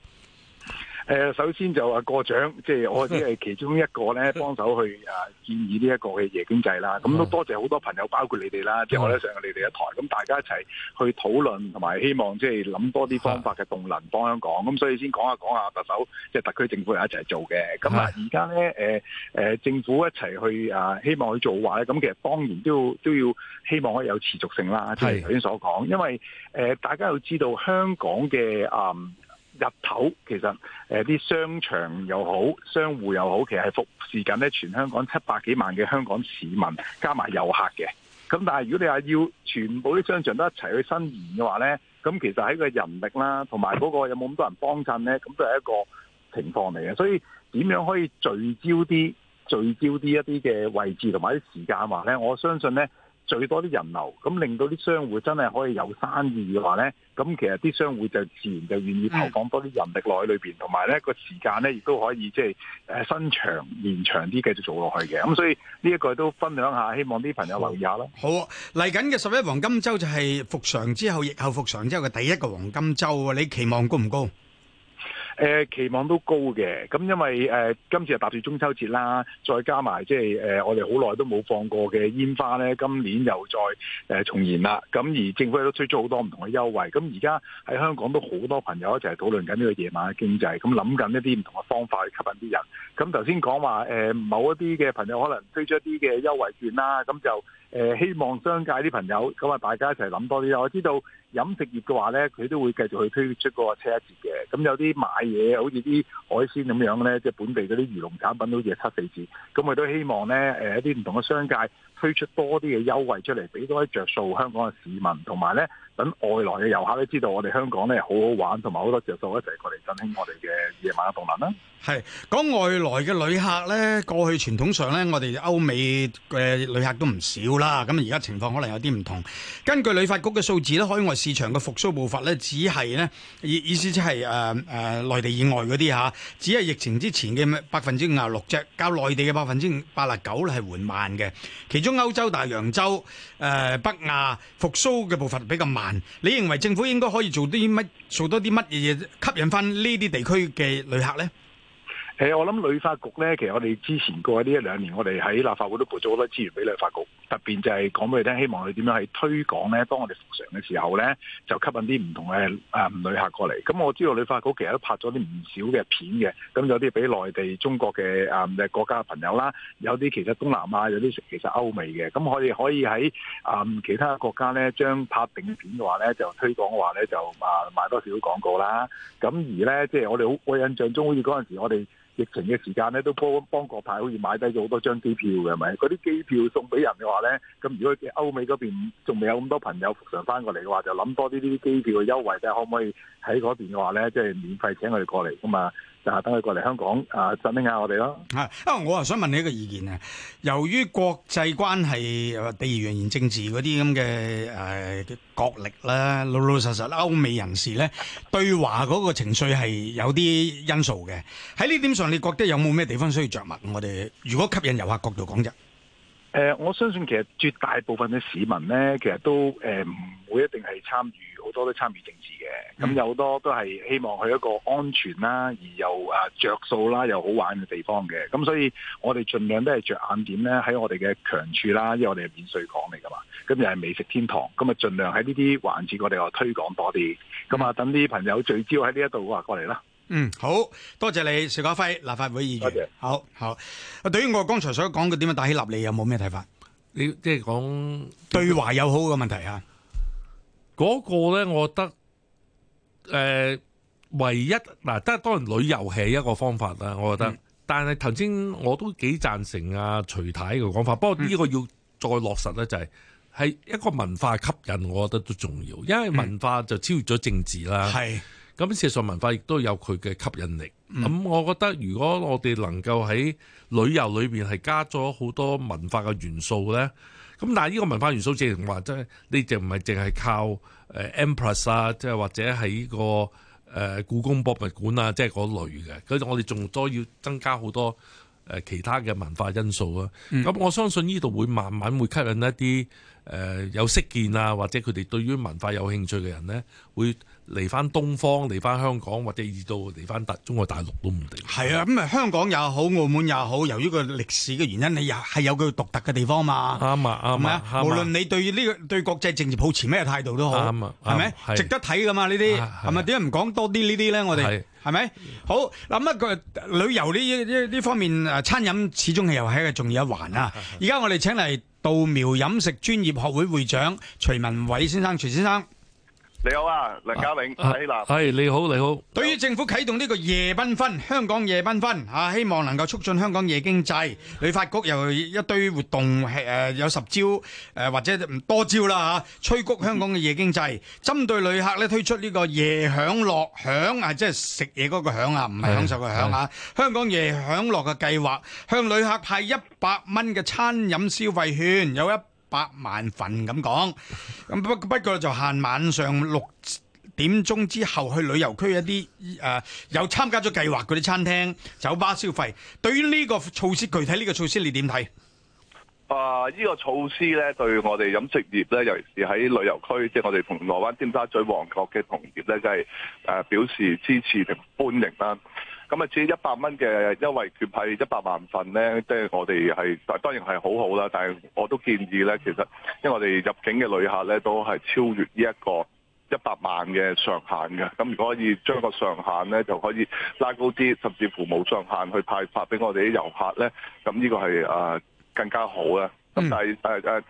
誒、呃，首先就話過獎，即係我只係其中一個咧，幫 手去、啊、建議呢一個嘅夜經濟啦。咁、嗯、都、嗯、多謝好多朋友，包括你哋啦。嗯、即係我咧上你哋嘅台，咁大家一齊去討論，同埋希望即係諗多啲方法嘅動能幫香港。咁、嗯嗯、所以先講下講下，特首即係、就是、特區政府一齊做嘅。咁啊，而家咧誒誒，政府一齊去、啊、希望去做話咧，咁其實當然都要都要希望可以有持續性啦，即係頭先所講，是因為誒、呃、大家要知道香港嘅啊。嗯日頭其實誒啲、呃、商場又好，商戶又好，其實係服侍緊咧全香港七百幾萬嘅香港市民加埋遊客嘅。咁但係如果你話要全部啲商場都一齊去伸延嘅話咧，咁其實喺個人力啦，同埋嗰個有冇咁多人幫襯咧，咁都係一個情況嚟嘅。所以點樣可以聚焦啲聚焦啲一啲嘅位置同埋啲時間話咧？我相信咧。最多啲人流，咁令到啲商戶真係可以有生意嘅話咧，咁其實啲商戶就自然就願意投放多啲人力落喺裏邊，同埋咧個時間咧亦都可以即係誒伸長延長啲，繼續做落去嘅。咁所以呢一個都分享下，希望啲朋友留意下咯。好，啊，嚟緊嘅十一黃金周就係復常之後，疫後復常之後嘅第一個黃金周，你期望高唔高？誒期望都高嘅，咁因為誒今次又搭住中秋節啦，再加埋即係誒我哋好耐都冇放過嘅煙花咧，今年又再誒重現啦。咁而政府都推出好多唔同嘅優惠，咁而家喺香港都好多朋友一齊討論緊呢個夜晚嘅經濟，咁諗緊一啲唔同嘅方法去吸引啲人。咁頭先講話誒某一啲嘅朋友可能推出一啲嘅優惠券啦，咁就誒希望商界啲朋友咁啊大家一齊諗多啲。我知道。飲食業嘅話咧，佢都會繼續去推出個七一折嘅，咁有啲買嘢好似啲海鮮咁樣咧，即係本地嗰啲漁農產品好似係七四折，咁佢都希望咧，誒一啲唔同嘅商界，推出多啲嘅優惠出嚟，俾多啲着數香港嘅市民，同埋呢等外來嘅遊客都知道我哋香港呢好好玩，同埋好多着數一齊過嚟振興我哋嘅夜晚嘅動能啦。係講外來嘅旅客呢，過去傳統上呢，我哋歐美嘅旅客都唔少啦。咁而家情況可能有啲唔同。根據旅發局嘅數字呢，海外市場嘅復甦步伐呢，只係呢意意思即係誒誒內地以外嗰啲吓，只係疫情之前嘅百分之五十六啫，較內地嘅百分之八啊九呢係緩慢嘅，其中。歐洲、大洋洲、誒、呃、北亞復蘇嘅步伐比較慢，你認為政府應該可以做啲乜，做多啲乜嘢嘢吸引返呢啲地區嘅旅客咧？誒，我諗旅發局咧，其實我哋之前過呢一兩年，我哋喺立法會都撥咗好多資源俾旅發局，特別就係講俾你聽，希望你點樣喺推廣咧，當我哋復常嘅時候咧，就吸引啲唔同嘅啊旅客過嚟。咁我知道旅發局其實都拍咗啲唔少嘅片嘅，咁有啲俾內地、中國嘅啊、呃、國家嘅朋友啦，有啲其實東南亞，有啲其實歐美嘅，咁我哋可以喺啊、呃、其他國家咧，將拍定片嘅話咧，就推廣嘅話咧，就啊買多少少廣告啦。咁而咧，即係我哋好，我印象中好似嗰陣時我哋。疫情嘅時間咧，都幫幫國派好似買低咗好多張機票嘅，係咪？嗰啲機票送俾人嘅話咧，咁如果嘅歐美嗰邊仲未有咁多朋友復常翻過嚟嘅話，就諗多啲呢啲機票嘅優惠啫，但可唔可以喺嗰邊嘅話咧，即係免費請佢哋過嚟噶嘛？就等佢過嚟香港啊，振興、呃、下我哋咯。啊，我啊想問你一個意見啊。由於國際關係、地緣言政治嗰啲咁嘅誒角力咧，老老實實歐美人士咧，對華嗰個情緒係有啲因素嘅。喺呢點上，你覺得有冇咩地方需要着墨？我哋如果吸引遊客角度講啫。誒、呃，我相信其實絕大部分嘅市民咧，其實都誒唔會一定係參與好多都參與政治嘅，咁有好多都係希望去一個安全啦，而又啊着數啦，又好玩嘅地方嘅，咁所以我哋盡量都係着眼點咧喺我哋嘅強處啦，因為我哋係免稅港嚟噶嘛，咁又係美食天堂，咁啊盡量喺呢啲環節我哋話推廣多啲，咁啊等啲朋友聚焦喺呢一度話過嚟啦。嗯，好多謝你，邵家輝立法會議員。好謝好。啊，對於我剛才所講嘅點樣打起立理，你有冇咩睇法？你即係講對華友好嘅問題啊？嗰個咧，我覺得誒、呃，唯一嗱，當然旅遊係一個方法啦。我覺得，嗯、但係頭先我都幾贊成啊徐太嘅講法。不過呢個要再落實咧、就是，就係係一個文化吸引，我覺得都重要，因為文化就超越咗政治啦。係、嗯。咁事實上，文化亦都有佢嘅吸引力。咁、嗯、我覺得如果我哋能夠喺旅遊裏面係加咗好多文化嘅元素咧，咁但係呢個文化元素正只能話即係你淨唔係淨係靠、呃、Empress 啊，即係或者喺、這個誒、呃、故宮博物館啊，即係嗰類嘅。佢我哋仲多要增加好多、呃、其他嘅文化因素啊。咁、嗯、我相信呢度會慢慢會吸引一啲。誒有識見啊，或者佢哋對於文化有興趣嘅人咧，會嚟翻東方，嚟翻香港，或者二到嚟翻大中國大陸都唔定。係啊，咁啊，香港又好，澳門又好，由於個歷史嘅原因，你又係有佢獨特嘅地方嘛。啱啊，啱啊，無論你對呢個對國際政治抱持咩態度都好，係咪值得睇噶嘛？呢啲係咪點解唔講多啲呢啲咧？我哋係咪好嗱？乜個旅遊呢？呢呢方面誒，餐飲始終係又係一個重要一環啊！而家我哋請嚟。稻苗飲食專業學會會長徐汶緯先生，徐先生。你好啊，梁家永，係嗱、啊，你好立，你好。對於政府啟動呢個夜繽紛，香港夜繽紛啊，希望能夠促進香港夜經濟。旅發局又一堆活動，誒、呃、有十招誒、呃，或者唔多招啦吓、啊，催谷香港嘅夜經濟。針 對旅客咧推出呢個夜享樂享啊，即係食嘢嗰個享是啊，唔係享受個享啊。香港夜享樂嘅計劃，向旅客派一百蚊嘅餐飲消費券，有一百萬份咁講，咁不不過就限晚上六點鐘之後去旅遊區一啲誒、呃、有參加咗計劃嗰啲餐廳酒吧消費。對於呢個措施，具體呢個措施你點睇？誒、呃，呢、這個措施咧，對我哋飲食業咧，尤其是喺旅遊區，即、就、係、是、我哋銅鑼灣、尖沙咀、旺角嘅同業咧，就係、是呃、表示支持同歡迎啦。咁啊，至於一百蚊嘅優惠券派一百萬份咧，即係我哋係當然係好好啦。但係我都建議咧，其實因為我哋入境嘅旅客咧都係超越呢一個一百萬嘅上限嘅。咁如果可以將個上限咧就可以拉高啲，甚至乎冇上限去派發俾我哋啲遊客咧，咁呢個係啊、呃、更加好啦。咁但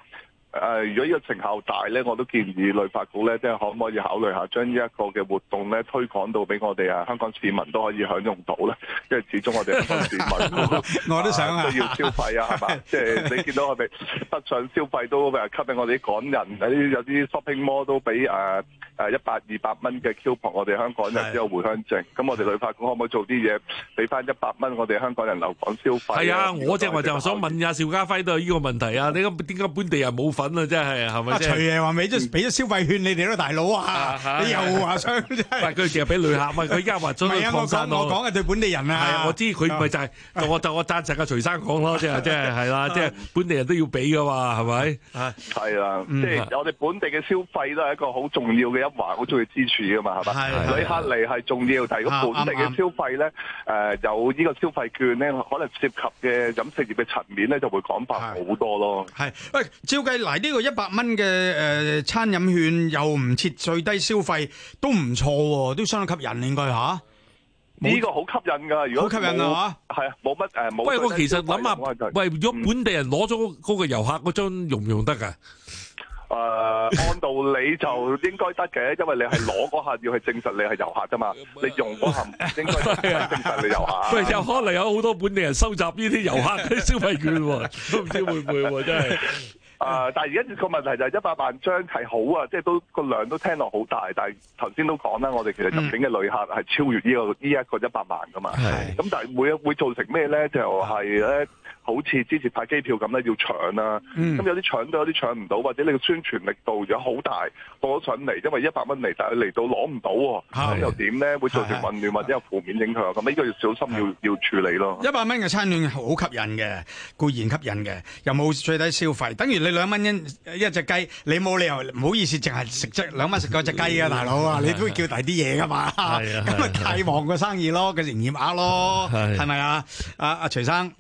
誒、呃，如果疫成效大咧，我都建議旅發局咧，即係可唔可以考慮一下將呢一個嘅活動咧推廣到俾我哋啊香港市民都可以享用到咧。因為始終我哋香港市民， 我都想、啊、都要消費啊，係嘛？ 即、就、係、是、你見到我哋 北上消費都誒吸引我哋港人，有啲 shopping mall 都俾誒誒一百二百蚊嘅 coupon 我哋香港人只有的回鄉證。咁我哋旅發局可唔可以做啲嘢俾翻一百蚊我哋香港人留港消費？係啊，是啊啊，我正話就想問下邵家輝對呢個問題啊，你點解點解本地人冇份？咁啊，即係，係咪先？阿徐爺話俾咗俾咗消費券你哋咯，大佬啊！你又話想即係？佢成日俾旅客嘛，佢依家話將佢擴散到。唔係啊，我講我講嘅對本地人啊，我知佢唔係就係，就我就我贊成阿徐生講咯，即係即係係啦，即係本地人都要俾嘅嘛，係咪？係啊，即係我哋本地嘅消費都係一個好重要嘅一環，好重要支柱嘅嘛，係嘛？旅客嚟係重要，但係如果本地嘅消費咧，誒有呢個消費券咧，可能涉及嘅飲食業嘅層面咧，就會廣泛好多咯。係，喂，照計嗱。喺呢個一百蚊嘅，誒，餐飲券又唔設最低消費都唔錯，都相當吸引應該吓。呢個好吸引噶如果好吸引嘅話，係啊，冇乜誒。喂，我其實諗下，喂，如果本地人攞咗嗰個遊客嗰張用唔用得噶？誒，按道理就應該得嘅，因為你係攞嗰下要去證實你係遊客啫嘛。你用嗰下應該係證實你遊客。又可能有好多本地人收集呢啲遊客嘅消費券，都唔知會唔會真係。啊、嗯呃！但係而家個問題就係一百萬張係好啊，即、就、係、是、都個量都聽落好大。但係頭先都講啦，我哋其實入境嘅旅客係超越呢、這個呢一、這個一百萬㗎嘛。咁、嗯、是但係會會造成咩咧？就係、是、咧。嗯好似之前派機票咁咧，要搶啦。咁有啲搶都有啲搶唔到，或者你個宣傳力度有好大，咗上嚟，因為一百蚊嚟，但係你嚟到攞唔到喎，又點咧？會造成混亂或者有負面影響咁，呢個個要小心，要要處理咯。一百蚊嘅餐券好吸引嘅，固然吸引嘅，又冇最低消費，等於你兩蚊一隻雞，你冇理由唔好意思，淨係食隻兩蚊食嗰隻雞啊，大佬啊！你都叫大啲嘢噶嘛？咁咪太旺個生意咯，嘅營業額咯，係咪啊？阿徐生。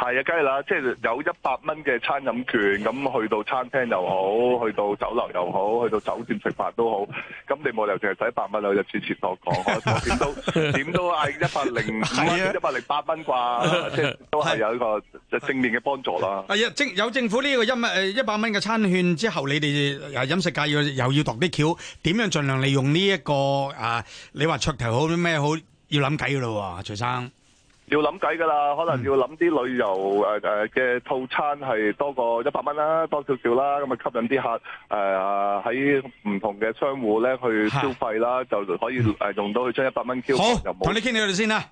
係啊，梗係啦，即係有一百蚊嘅餐飲券，咁去到餐廳又好，去到酒樓又好，去到酒店食飯都好，咁你冇理由淨係使百蚊去日前前港。講，點 都點都係一百零五蚊，一百零八蚊啩， 即係都係有一個正面嘅幫助啦。啊，有政有政府呢個一一百蚊嘅餐券之後，你哋飲食界要又要度啲橋，點樣儘量利用呢、這、一個啊？你話噱頭好啲咩好？要諗計噶咯喎，徐生。要諗計噶啦，可能要諗啲旅遊誒誒嘅套餐係多過一百蚊啦，多少少啦，咁啊吸引啲客誒喺唔同嘅商戶咧去消費啦，的就可以誒用到去將一百蚊 c o u p 你傾到呢度先啦。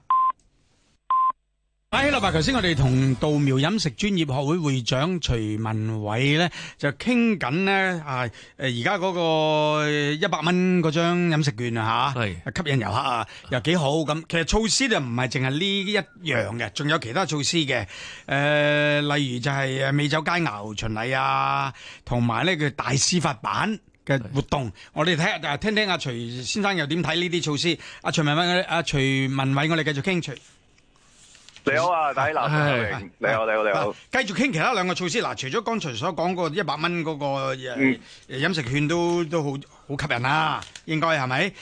阿希立伯，頭先我哋同稻苗飲食專業學會會長徐汶緯咧就傾緊咧啊，誒而家嗰個一百蚊嗰張飲食券啊吓，係吸引遊客啊又幾好咁。其實措施就唔係淨係呢一樣嘅，仲有其他措施嘅。誒，例如就係誒美酒佳肴巡禮啊，同埋呢個大司法版嘅活動。我哋睇下聽聽阿徐先生又點睇呢啲措施。阿徐汶緯，阿徐汶緯，我哋繼續傾徐。你好啊，大立你好，你好，你好。繼續傾其他兩個措施，嗱，除咗剛才所講個一百蚊嗰個，嗯、飲飲食券都都好好吸引啦、啊，應該係咪？咁、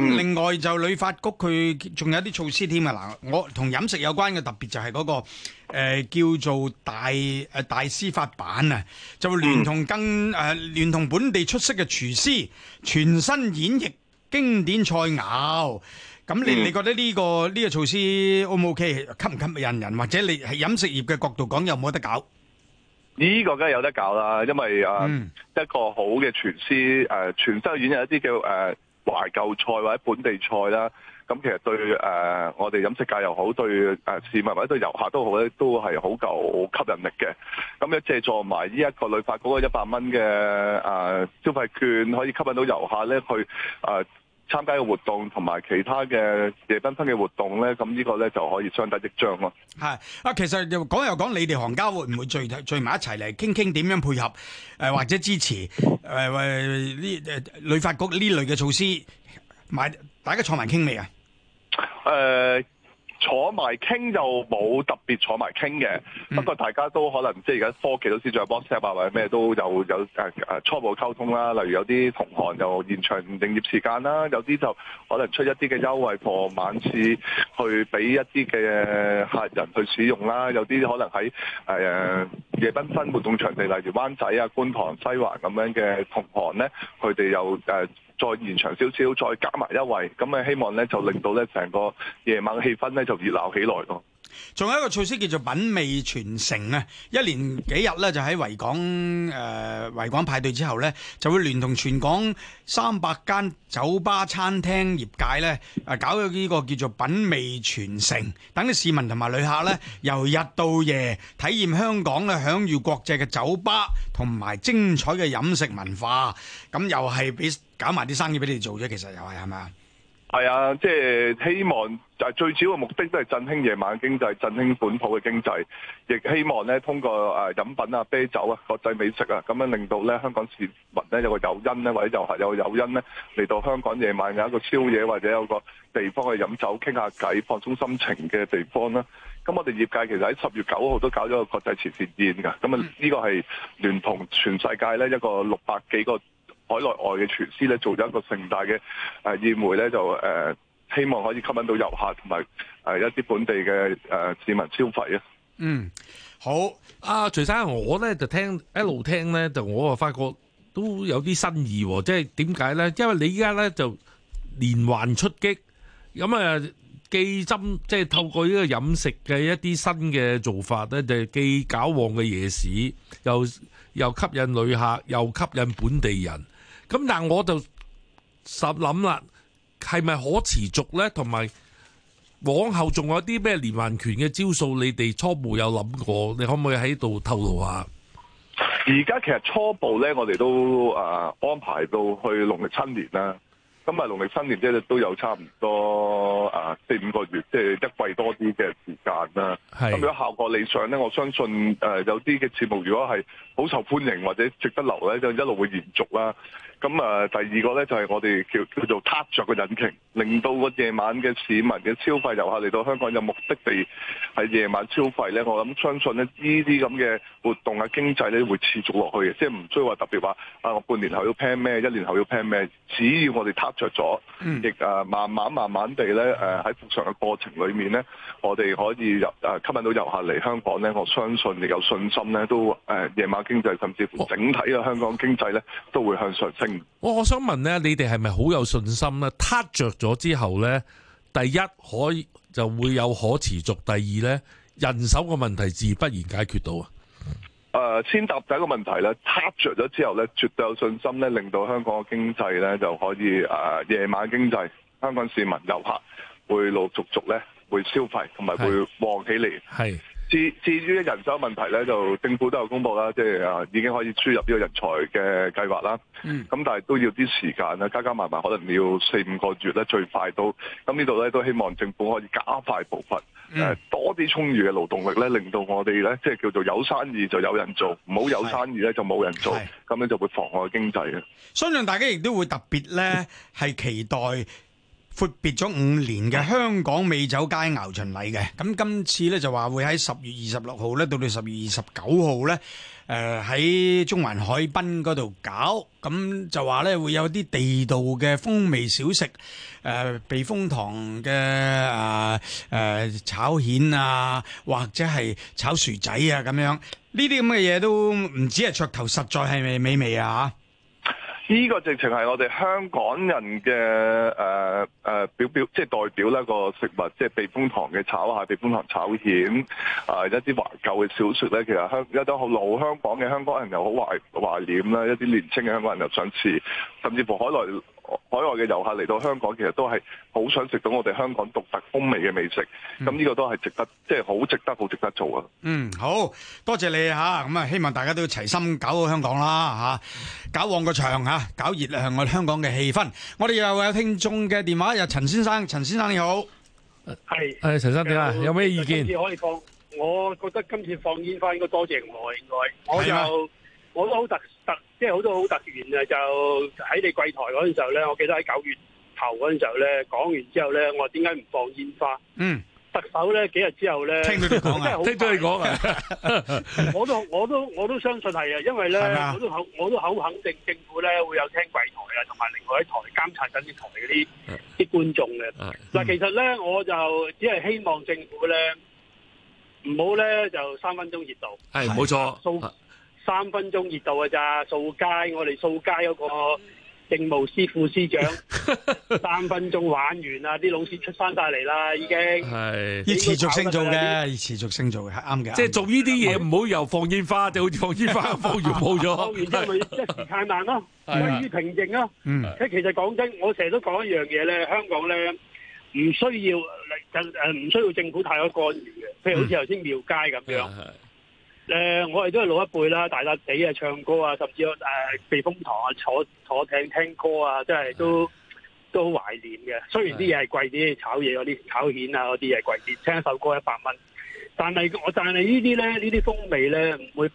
嗯、另外就旅發局佢仲有啲措施添啊，嗱，我同飲食有關嘅特別就係嗰、那個誒、呃、叫做大誒大師發辦啊，就會聯同更誒聯、嗯呃、同本地出色嘅廚師，全新演繹經典菜肴。咁你、嗯、你覺得呢、這個呢、這個措施 O 唔 OK 吸唔吸引人，或者你喺飲食業嘅角度講有冇得搞？呢個梗係有得搞啦，因為、嗯、啊一個好嘅廚師誒，泉州院有一啲叫誒懷舊菜或者本地菜啦。咁、啊、其實對誒、啊、我哋飲食界又好，對誒、啊、市民或者對遊客都好咧，都係好夠吸引力嘅。咁、啊、一借助埋呢一個旅發局嗰個一百蚊嘅誒消費券，可以吸引到遊客咧去誒。啊參加嘅活動同埋其他嘅夜繽紛嘅活動咧，咁呢個咧就可以相得益彰咯。係啊，其實又講又講，你哋行家會唔會聚聚埋一齊嚟傾傾點樣配合？誒、呃、或者支持誒呢誒旅發局呢類嘅措施？買大家坐埋傾未啊？誒、呃。坐埋傾就冇特別坐埋傾嘅，嗯、不過大家都可能即係而家科技都先在，在 WhatsApp 啊，或者咩都有有誒、啊、初步溝通啦。例如有啲同行就延長營業時間啦，有啲就可能出一啲嘅優惠或晚市去俾一啲嘅客人去使用啦。有啲可能喺誒、啊、夜繽紛活動場地，例如灣仔啊、觀塘西環咁樣嘅同行咧，佢哋又。誒、啊。再延長少少，再加埋一位，咁啊，希望咧就令到咧成個夜晚嘅氣氛咧就熱鬧起來咯。仲有一個措施叫做品味傳承啊！一連幾日咧就喺維港、呃、維港派對之後呢，就會聯同全港三百間酒吧、餐廳業界呢，誒搞咗呢個叫做品味傳承，等啲市民同埋旅客呢，由日到夜體驗香港呢享譽國際嘅酒吧同埋精彩嘅飲食文化。咁又係俾搞埋啲生意俾你做啫，其實又係係咪啊？係啊，即係希望。誒最主要嘅目的都係振興夜晚的經濟，振興本土嘅經濟，亦希望咧通過誒飲品啊、啤酒啊、國際美食啊，咁樣令到咧香港市民咧有個誘因咧，或者又係有個誘因咧嚟到香港夜晚有一個宵夜，或者有個地方去飲酒傾下偈、放鬆心情嘅地方啦。咁我哋業界其實喺十月九號都搞咗個國際慈善宴㗎。咁啊，呢個係聯同全世界咧一個六百幾個海內外嘅廚師咧，做咗一個盛大嘅誒宴會咧，就誒。呃希望可以吸引到遊客同埋誒一啲本地嘅誒市民消費啊！嗯，好，阿、啊、徐生，我咧就聽一路聽咧，就我啊發覺都有啲新意喎、哦！即係點解咧？因為你依家咧就連環出擊，咁啊，既針即係透過呢個飲食嘅一啲新嘅做法咧，就是、既搞旺嘅夜市，又又吸引旅客，又吸引本地人。咁但係我就實諗啦。係咪可持續咧？同埋往後仲有啲咩連環拳嘅招數？你哋初步有諗過？你可唔可以喺度透露下？而家其實初步咧，我哋都啊安排到去農曆新年啦。今日農曆新年即係都有差唔多啊四五個月，即係一季多啲嘅時間啦。咁樣如果效果理想咧，我相信誒有啲嘅節目如果係好受歡迎或者值得留咧，就一路會延續啦。.咁啊，第二個咧就係我哋叫叫做撻着嘅引擎，令到個夜晚嘅市民嘅消費遊客嚟到香港有目的地喺夜晚消費咧，我諗相信咧呢啲咁嘅活動啊、經濟咧會持續落去嘅，即係唔需要話特別話啊，我半年後要 plan 咩，一年後要 plan 咩，只要我哋撻着咗，亦啊、嗯、慢慢慢慢地咧誒喺復常嘅過程裏面咧，我哋可以入誒吸引到遊客嚟香港咧，我相信亦有信心咧，都誒、呃、夜晚經濟甚至乎整體嘅香港經濟咧都會向上升。我我想問咧，你哋係咪好有信心咧？撻着咗之後咧，第一可以就會有可持續，第二咧人手個問題自不然解決到啊。誒，先答第一個問題咧，撻着咗之後咧，絕對有信心咧，令到香港嘅經濟咧就可以誒，夜、呃、晚經濟，香港市民遊客會陸陸續續咧會消費，同埋會旺起嚟。至至於人手問題咧，就政府都有公佈啦，即係啊，已經可以輸入呢個人才嘅計劃啦。嗯，咁但係都要啲時間啦，加加埋埋可能要四五個月咧，最快都，咁呢度咧都希望政府可以加快步伐，誒多啲充裕嘅勞動力咧，令到我哋咧即係叫做有生意就有人做，唔好有生意咧就冇人做，咁樣就會妨礙經濟嘅。相信大家亦都會特別咧，係期待。闊別咗五年嘅香港美酒佳餚巡禮嘅，咁今次呢就話會喺十月二十六號呢到到十月二十九號呢，誒喺中環海濱嗰度搞，咁就話呢會有啲地道嘅風味小食，誒避風塘嘅誒誒炒蜆啊，或者係炒薯仔啊咁樣，呢啲咁嘅嘢都唔止係噱頭，實在係味美味啊！吓。呢個直情係我哋香港人嘅誒誒表表，即係代表呢個食物，即係避風塘嘅炒下避風塘炒蜆，啊、呃、一啲懷舊嘅小説咧，其實香一啲好老香港嘅香港人又好懷懷念啦，一啲年青嘅香港人又想試，甚至乎海內。海外嘅遊客嚟到香港，其實都係好想食到我哋香港獨特風味嘅美食，咁呢個都係值得，即係好值得，好值得做啊！嗯，好多謝你嚇，咁啊，希望大家都要齊心搞好香港啦嚇，搞旺個場嚇，搞熱向我哋香港嘅氣氛。我哋又有聽眾嘅電話，又陳先生，陳先生你好，係是，誒陳生點啊？那有咩意見？可以放，我覺得今次放煙花應該多謝我，應該，嗎我又，我都好特特。特即係好多好突然嘅，就喺你櫃台嗰陣時候咧，我記得喺九月頭嗰陣時候咧，講完之後咧，我話點解唔放煙花？嗯，特首咧幾日之後咧，聽佢哋講啊，聽佢哋講啊，我都我都我都相信係啊，因為咧我都好我都好肯定政府咧會有聽櫃台啊，同埋另外一台監察緊啲台嗰啲啲觀眾嘅。嗱，其實咧我就只係希望政府咧唔好咧就三分鐘熱度。係冇錯。三分鐘熱度嘅咋掃街，我哋掃街嗰個政務司副司長三分鐘玩完啦，啲老師出翻晒嚟啦，已經係要持續性做嘅，要持續性做嘅係啱嘅。即係做呢啲嘢唔好由放煙花，就好似放煙花，放完冇咗。放完之後咪一時太慢咯，歸於平靜咯。即其實講真，我成日都講一樣嘢咧，香港咧唔需要，就誒唔需要政府太多干預嘅，譬如好似頭先廟街咁樣。誒、呃，我哋都係老一輩啦，大笪地啊，唱歌啊，甚至誒、呃、避風塘啊，坐坐艇聽聽歌啊，真係都都懷念嘅。雖然啲嘢係貴啲，炒嘢嗰啲炒蜆啊嗰啲係貴啲，聽一首歌一百蚊。但係我，但係呢啲呢啲風味呢，唔會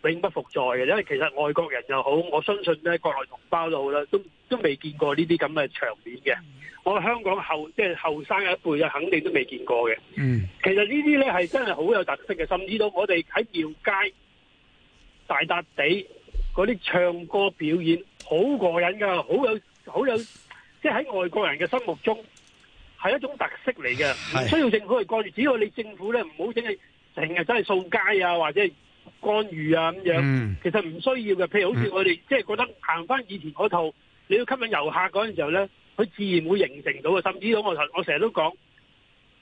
不永不復在嘅，因為其實外國人又好，我相信呢國內同胞都好啦，都都未見過呢啲咁嘅場面嘅。我香港後即係後生一輩啊，肯定都未見過嘅。嗯，其實呢啲呢係真係好有特色嘅，甚至到我哋喺廟街大笪地嗰啲唱歌表演，好過癮㗎，好有好有，即係喺外國人嘅心目中。係一種特色嚟嘅，唔需要政府去干預。只要你政府咧唔好整，係成日真係掃街啊，或者干預啊咁樣，其實唔需要嘅。譬如好似我哋即係覺得行翻以前嗰套，你要吸引遊客嗰陣時候咧，佢自然會形成到嘅。甚至到我我成日都講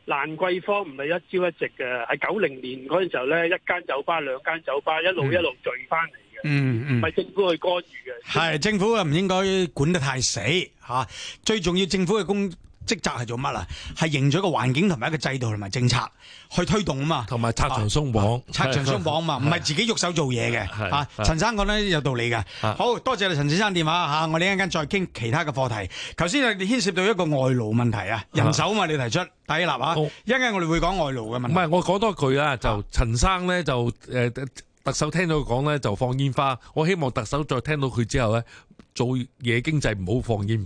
蘭桂坊唔係一朝一夕嘅，係九零年嗰陣時候咧，一間酒吧、兩間酒吧一路一路聚翻嚟嘅，唔係政府去干預嘅。係政府啊，唔應該管得太死嚇。最重要，政府嘅工。職責係做乜啊？係營造一個環境同埋一個制度同埋政策去推動啊嘛，同埋拆牆鬆綁，拆牆鬆綁啊嘛，唔係自己喐手做嘢嘅。啊，陳、 啊啊、生講得有道理㗎。啊、好多謝陳先生電話吓，我哋一陣間再傾其他嘅課題。頭先係牽涉到一個外勞問題啊，人手啊嘛，你提出，第一立啊，啊一陣間我哋會講外勞嘅問題。唔係，我講多句啦，就陳生咧就誒、呃，特首聽到佢講咧就放煙花，我希望特首再聽到佢之後咧，做夜經濟唔好放煙